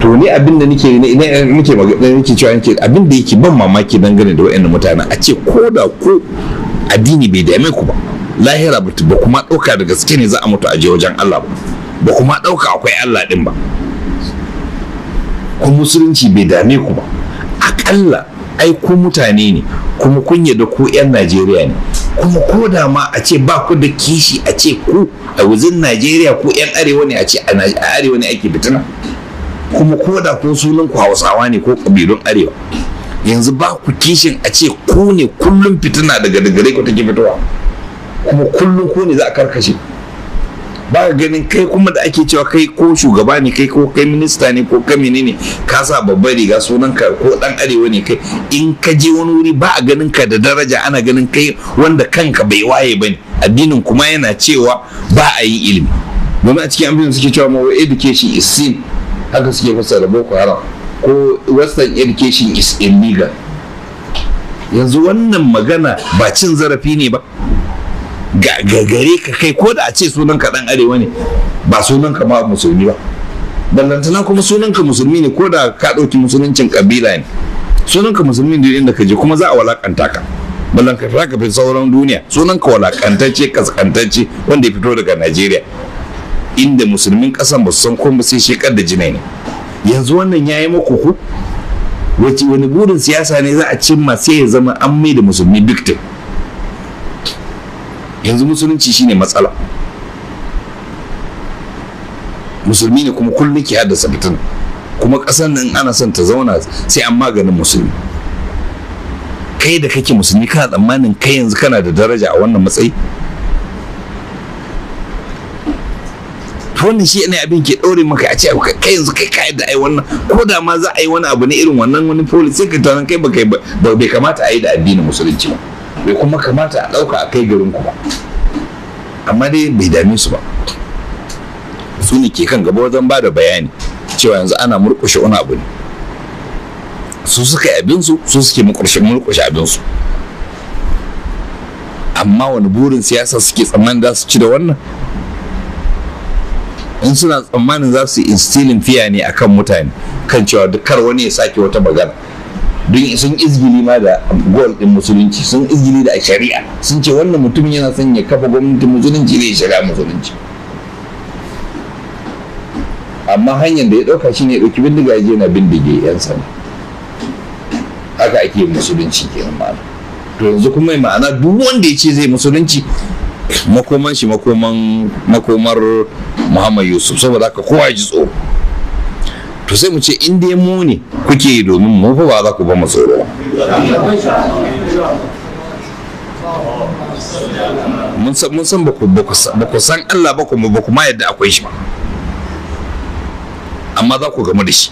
to ni abin da nike ne muke nike cewa nake abin da yake ban mamaki dangane da wayannan mutanen a ce ko da ko addini bai dame ku ba lahira ba kuma dauka da gaske ne za a mutu a je wajen Allah ba kuma dauka akwai Allah din ba ku musulunci bai dame ku ba akalla ai ku mutane ne kuma kun da ku yan Najeriya ne kuma ko da ma a ce ba ku da kishi a ce ku a wajen Najeriya ku yan arewa ne a ce a arewa ne ake fitina kuma ko da kun sunan ku hausawa ne ko kabilun arewa yanzu ba ku kishin a ce ku ne kullum fitina daga dagare ku take fitowa kuma kullum ku ne za a karkashe ba ka ganin kai kuma da ake cewa kai ko shugaba ne kai ko kai minista ne ko kai ne ka sa babbar riga sunan ka ko dan arewa ne kai in ka je wani wuri ba a ganin ka da daraja ana ganin kai wanda kanka bai waye bane addinin kuma yana cewa ba a yi ilimi domin a cikin abin suke cewa ma education is sin haka suke fasa da boko haram ko western education is illegal yanzu wannan magana ba cin zarafi ne ba ga gare ka kai ko da a ce sunan ka dan arewa ne ba sunan ka ma musulmi ba ballantana kuma sunan ka musulmi ne ko da ka ɗauki musuluncin kabila ne sunan ka musulmi ne inda ka je kuma za a walakanta ka ballan ka fi sauran duniya sunan ka walakantacce kaskantacce wanda ya fito daga najeriya inda musulmin kasan ba su san komai sai shekar da jinai ne yanzu wannan ya muku ku wace wani burin siyasa ne za a cimma sai ya zama an mai da musulmi victim yanzu musulunci shine matsala musulmi ne kuma kullum ke haddasa fitina kuma ƙasar nan ana son ta zauna sai an maganin musulmi kai da kake musulmi kana tsammanin kai yanzu kana da daraja a wannan matsayi wannan shi ne abin ke ɗore maka a ce kai yanzu kai ka yadda ai wannan ko da ma za a yi wani abu ne irin wannan wani policy sai ka tunanin kai baka ba bai kamata a yi da addinin musulunci ba bai kuma kamata a ɗauka a kai garin ku ba amma dai bai dame su ba su ne ke kan gaba wajen ba da bayani cewa yanzu ana murƙushe wani abu ne su suka yi abin su Su suke murƙushe su. amma wani burin siyasa suke tsammanin za su ci da wannan in suna tsammanin za su instilin fiya ne a kan mutane kan cewa duk kar wani ya sake wata magana don sun izgili ma da gol din musulunci sun izgili da shari'a sun ce wannan mutum yana son ya kafa gwamnati musulunci ne ya shari'a musulunci amma hanyar da ya ɗauka shi ne ɗauki bindiga ya je na bindige 'yan sanda haka ake musulunci kenan ma'ana to yanzu kuma ma'ana duk wanda ya ce zai musulunci makoman shi makoman makomar muhammad yusuf saboda haka kowa ya ji tsoro to sai mu ce in dai mu ne kuke yi domin mu fa ba za ku ba mu tsoro mun san mun san ba ku san Allah baku ba ku ma yadda akwai shi ba amma za ku gamu da shi